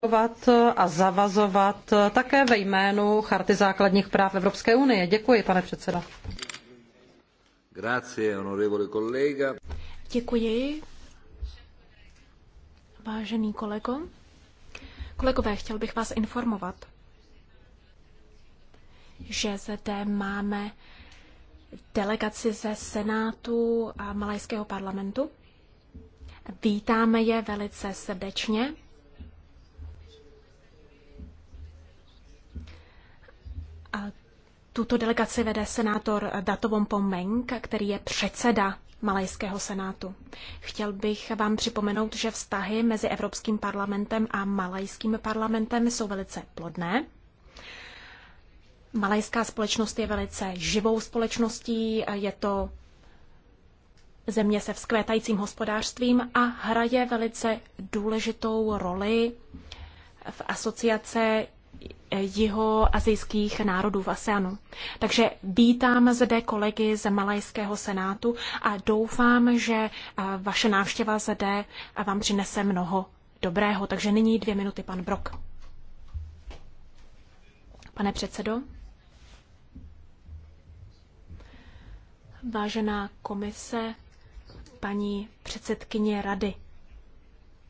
podporovat a zavazovat také ve jménu Charty základních práv Evropské unie. Děkuji, pane předseda. Grazie, onorevole kolega. Děkuji, vážený kolego. Kolegové, chtěl bych vás informovat, že zde máme delegaci ze Senátu a Malajského parlamentu. Vítáme je velice srdečně. Tuto delegaci vede senátor Datovom Pomeng, který je předseda Malajského senátu. Chtěl bych vám připomenout, že vztahy mezi Evropským parlamentem a Malajským parlamentem jsou velice plodné. Malajská společnost je velice živou společností, je to země se vzkvétajícím hospodářstvím a hraje velice důležitou roli v asociace jihoazijských národů v ASEANu. Takže vítám zde kolegy z Malajského senátu a doufám, že eh, vaše návštěva zde eh, vám přinese mnoho dobrého. Takže nyní dvě minuty, pan Brok. Pane předsedo. Vážená komise, paní předsedkyně rady.